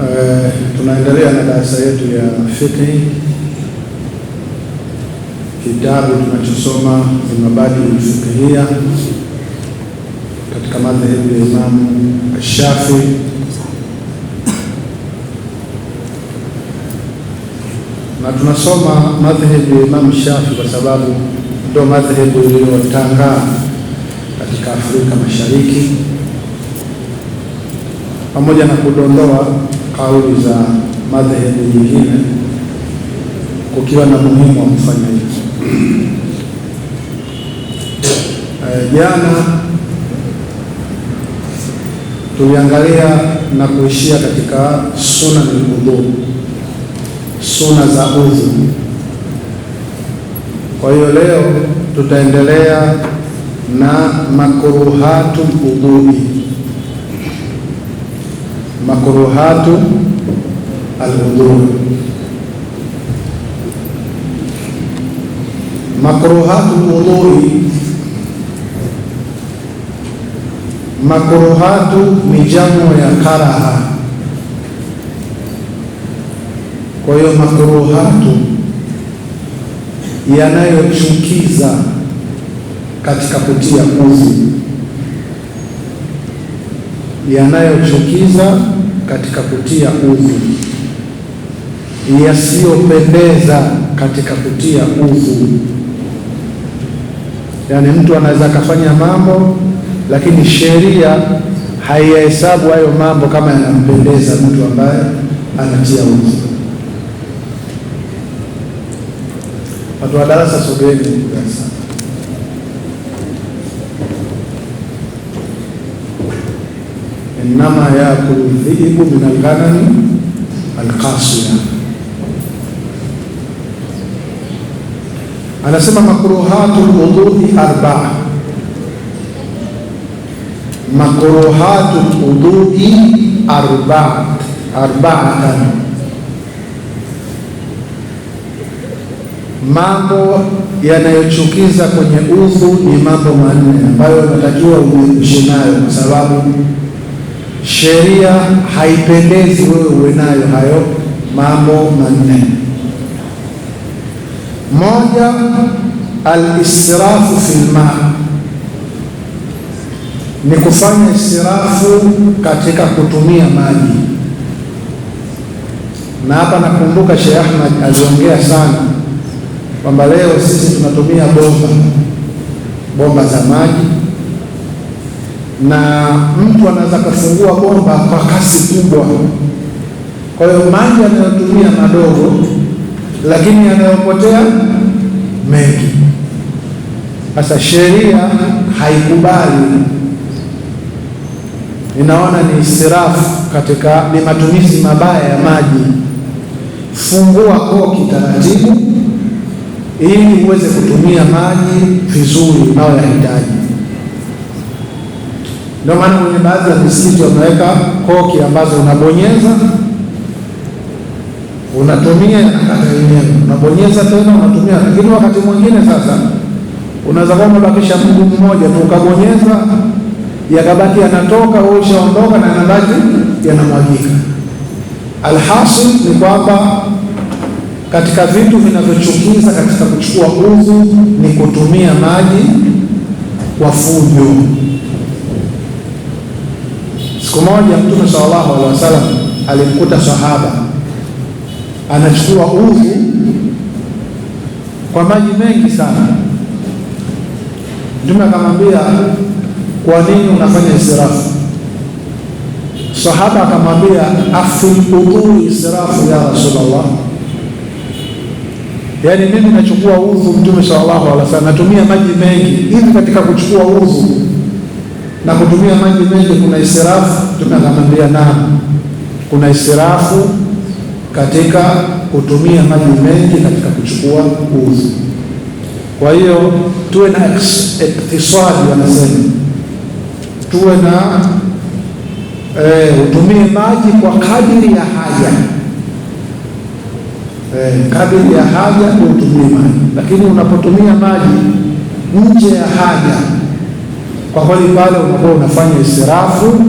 Eh, tunaendelea na darasa yetu ya fiqh. Kitabu tunachosoma ni Mabadiul Fiqhiyya katika madhehebu ya Imamu Ashafi. Na tunasoma madhehebu ya Imamu shafi kwa sababu ndio madhehebu iliyotangaa katika Afrika Mashariki pamoja na kudondoa kauli za madhehebu nyingine, kukiwa na muhimu wa kufanya hivyo. Eh, jana tuliangalia na kuishia katika suna niludhu, suna za udhu. Kwa hiyo leo tutaendelea na makuruhatu udhui makruhatu alwudhu. Makruhatu alwudhu, makruhatu ni jamo ya karaha. Kwa hiyo makruhatu yanayochukiza katika kutia uzi yanayochukiza katika kutia udhu, yasiyopendeza katika kutia udhu. Yaani mtu anaweza akafanya mambo lakini sheria haiyahesabu hayo mambo kama yanampendeza mtu ambaye anatia udhu. Watu wa darasa, sogeni darasani. innama yakulu dhibu min alghanami alqasiya. Anasema makruhatu ludhui arbaa, makruhatu ludhui arbaatan, mambo yanayochukiza kwenye udhu ni mambo manne ambayo unatakiwa ujiepushe nayo kwa sababu Sheria haipendezi wewe uwe nayo hayo mambo manne. Moja, al-israfu fil ma, ni kufanya israfu katika kutumia maji. Na hapa nakumbuka Sheikh Ahmad aliongea sana kwamba leo sisi tunatumia bomba bomba za maji na mtu anaweza kufungua bomba kwa kasi kubwa. Kwa hiyo maji anayotumia madogo, lakini yanayopotea mengi. Sasa sheria haikubali, ninaona ni israfu katika, ni matumizi mabaya ya maji. Fungua koki taratibu, ili uweze kutumia maji vizuri unayoyahitaji. Ndio maana kwenye baadhi ya misitu wameweka koki ambazo unabonyeza unatumia yenyewe, unabonyeza tena unatumia. Lakini wakati mwingine sasa unaweza kuwa umebakisha mguu mmoja tu, ukabonyeza yakabaki yanatoka, wewe ushaondoka na yanabaki yanamwagika. Alhasil ni kwamba katika vitu vinavyochukiza katika kuchukua udhu ni kutumia maji kwa fujo. Siku moja Mtume sallallahu alaihi wasallam alimkuta sahaba anachukua udhu kwa maji mengi sana. Mtume akamwambia, kwa nini unafanya israfu? Sahaba akamwambia, afi udhu israfu ya Rasulullah, yaani mimi nachukua udhu. Mtume sallallahu alaihi wasallam natumia maji mengi hivi katika kuchukua udhu na kutumia maji mengi kuna israfu, tumekamwambia naam, kuna israfu katika kutumia maji mengi katika kuchukua udhu. Kwa hiyo tuwe na iktisadi, wanasema tuwe na e, utumie maji kwa kadiri ya haja e, eh, kadiri ya haja utumie maji, lakini unapotumia maji nje ya haja kwa kweli pale unakuwa unafanya israfu.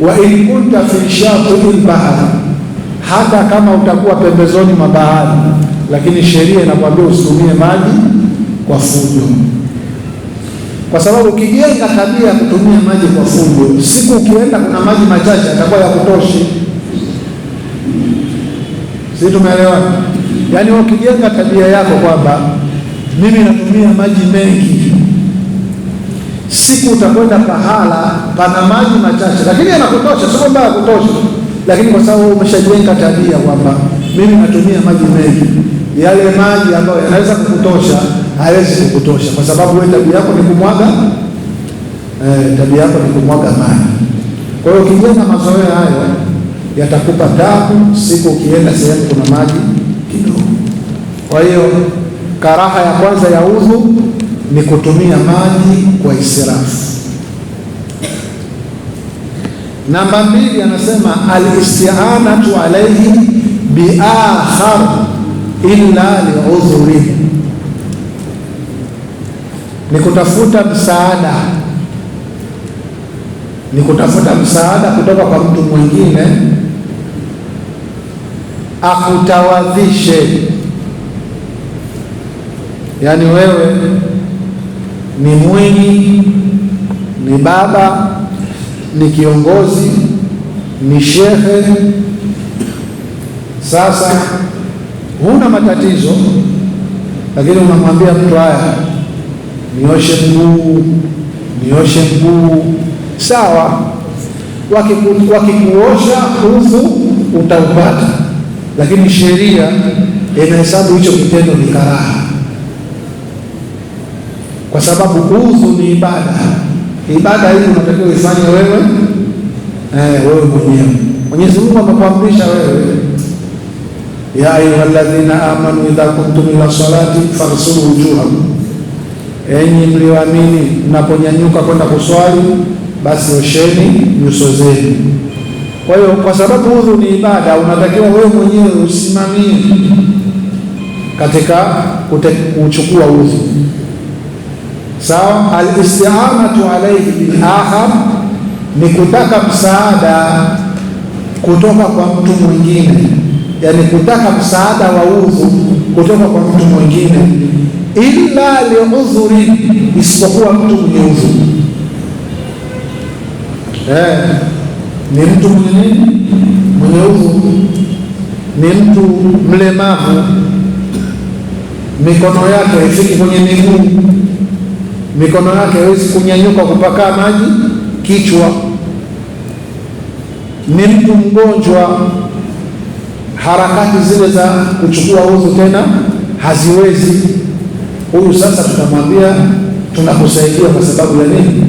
Wa in kunta fi shatil bahari, hata kama utakuwa pembezoni mwa bahari, lakini sheria inakwambia usitumie maji kwa fujo, kwa sababu ukijenga tabia ya kutumia maji kwa fujo, siku ukienda kuna maji machache atakuwa ya kutoshi. Sisi tumeelewa? Yaani ukijenga tabia yako kwamba mimi natumia maji mengi siku utakwenda pahala pana maji machache, lakini yanakutosha, sio ya yakutosha, lakini kwa sababu umeshajenga tabia kwamba mimi natumia maji mengi, yale maji ambayo yanaweza kukutosha hayawezi kukutosha, kwa sababu wewe tabia yako ni kumwaga eh, tabia yako ni kumwaga maji. Kwa hiyo ukijenga mazoea hayo yatakupa tabu siku ukienda sehemu kuna maji kidogo. Kwa hiyo karaha ya kwanza ya udhu ni kutumia maji kwa israfu. Namba mbili, anasema alistianatu alaihi biakhar illa liudhuri, ni kutafuta msaada, ni kutafuta msaada kutoka kwa mtu mwingine akutawadhishe, yaani wewe ni mwenyi, ni baba, ni kiongozi, ni shehe. Sasa huna matatizo, lakini unamwambia mtu, haya, nioshe mguu, nioshe mguu. Sawa, wakikuosha wakiku utaupata, lakini sheria inahesabu hicho kitendo ni karaha kwa sababu udhu ni ibada. Ibada hii unatakiwa ifanye wewe eh, wewe mwenyewe. Mwenyezi Mungu amekuamrisha wewe, ya ayyuhalladhina amanu idha kuntum ila salati faghsilu wujuhakum, enyi mlioamini mnaponyanyuka kwenda kuswali basi osheni nyuso zenu. Kwa hiyo kwa sababu udhu ni ibada, unatakiwa wewe mwenyewe usimamie katika kuchukua udhu. Sawa, alistianatu alaihi bil akhar ni kutaka msaada kutoka kwa mtu mwingine, yani kutaka msaada wa udhu kutoka kwa mtu mwingine, illa liudhuri, isipokuwa mtu mwenye udhu eh, ni mtu mwenye Mwenye udhu ni mtu mlemavu, mikono yake haifiki kwenye miguu mikono yake hawezi kunyanyuka kupakaa maji kichwa, ni mtu mgonjwa, harakati zile za kuchukua udhu tena haziwezi. Huyu sasa tutamwambia tunakusaidia kwa sababu ya nini?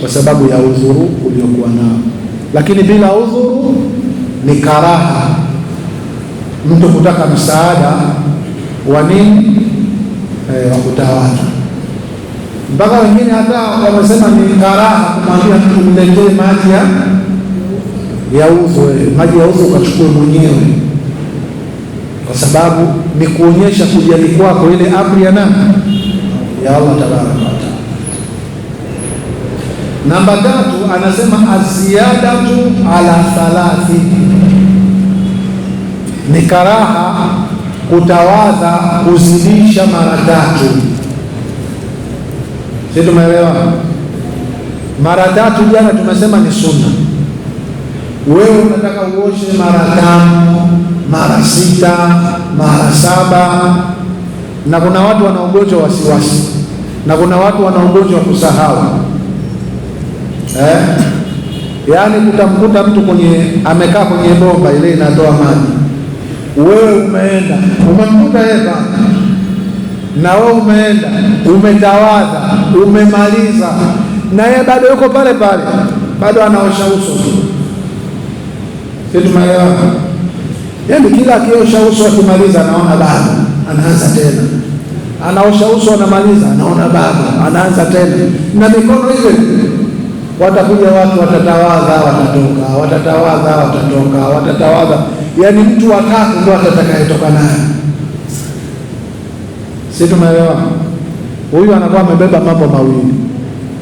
Kwa sababu ya udhuru uliokuwa nao, lakini bila udhuru ni karaha mtu kutaka msaada wa nini, eh, wa kutawala mpaka wengine hata wamesema ni karaha kumwambia mtu mletee maji yauzwe, maji ya uzo ukachukue mwenyewe, kwa sababu ni kuonyesha kujali kwako, ile amri ya nani? Ya Allah tabaraka wa taala. Namba tatu anasema aziyadatu ala thalathi, ni karaha kutawadha kuzidisha mara tatu si tumeelewa? Mara tatu jana tumesema ni sunna. Wewe unataka uoshe mara tano, mara sita, mara saba, na kuna watu wana ugonjwa wasiwasi, na kuna watu wana ugonjwa kusahau eh? Yaani kutamkuta mtu kwenye amekaa kwenye bomba ile inatoa maji, wewe umeenda umemkuta yeye na wewe umeenda umetawadha, umemaliza, na yeye bado yuko pale pale, bado anaosha uso tu, tumeelewana? Yaani kila akiosha uso akimaliza, anaona baba, anaanza tena, anaosha uso, anamaliza, anaona baba, anaanza tena, na mikono hiyo Watakuja watu watatawadha, watatoka, watatawadha, watatoka, watatawadha, yaani mtu watatu ndio atakayetoka naye. Si tumeelewa? Huyu anakuwa amebeba mambo mawili,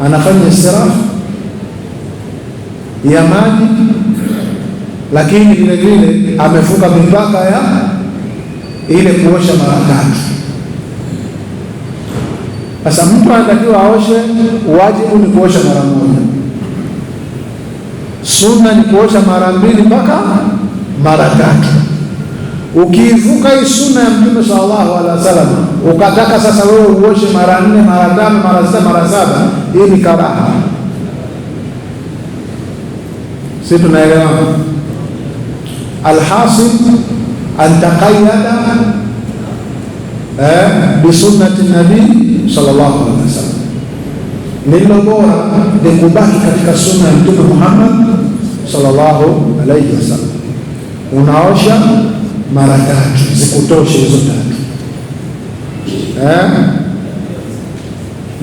anafanya israfu ya maji, lakini vile vile amefuka mipaka ya ile kuosha mara tatu. Sasa mtu anatakiwa aoshe, wajibu ni kuosha mara moja, sunna ni kuosha mara mbili mpaka mara tatu. Ukiivuka hii sunna ya Mtume sallallahu alaihi wasallam, ukataka sasa wewe uoshe mara nne mara tano mara sita mara saba, hii ni karaha. Si tunaelewa? Alhasil antakayada eh, bisunnati nabii sallallahu alaihi wasallam, lililo bora ni kubaki katika sunna ya Mtume Muhammad sallallahu alaihi wasallam, unaosha mara tatu zikutoshe hizo tatu eh?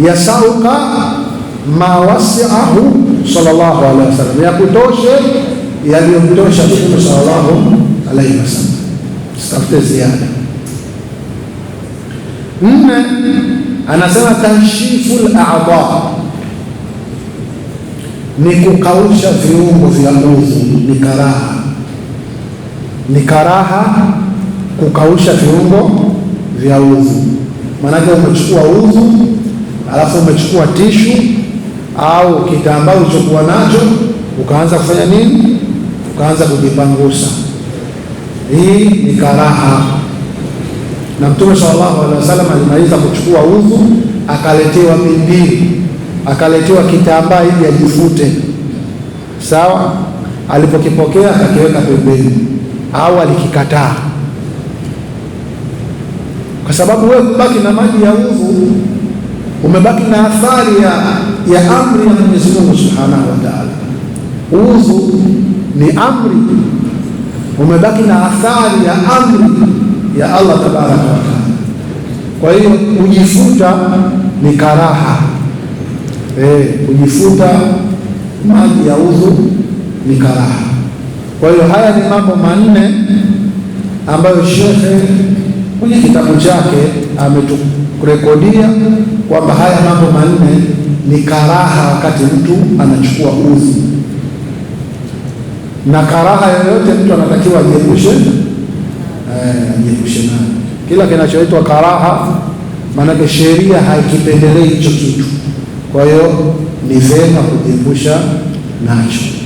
yasauka mawasiahu sallallahu alaihi wasallam, yakutoshe yaliyomtosha Mtume sallallahu alaihi wasallam, sitafute ziada. Nne, anasema tanshifu al ni kukausha viungo vya udhu, ni karaha ni karaha kukausha viungo vya uzu. Maanake umechukua uzu alafu umechukua tishu au kitambaa ulichokuwa nacho ukaanza kufanya nini? Ukaanza kujipangusa. Hii ni karaha, na Mtume sallallahu alaihi wasallam alimaliza kuchukua udhu, akaletewa bindiri, akaletewa kitambaa ili ajifute. Sawa, alipokipokea akakiweka pembeni au alikikataa, kwa sababu wewe kubaki na maji ya udhu umebaki na athari ya, ya amri ya Mwenyezi Mungu Subhanahu wa Ta'ala. Udhu ni amri, umebaki na athari ya amri ya Allah tabaraka wa taala. Kwa hiyo kujifuta ni karaha eh, kujifuta maji ya udhu ni karaha. Kwa hiyo haya ni mambo manne ambayo shekhe kwenye kitabu chake ameturekodia kwamba haya mambo manne ni karaha wakati mtu anachukua uzi, na karaha yoyote mtu anatakiwa ajiepushe, eh, ajiepushe nayo. Kila kinachoitwa karaha, maanake sheria haikipendelei hicho kitu. Kwa hiyo ni vema kujiepusha nacho.